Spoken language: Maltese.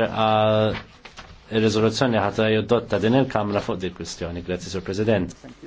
il rezoluzzjoni ħata joddotta din il-Kamra fuq di kwistjoni. Grazie, Sur President.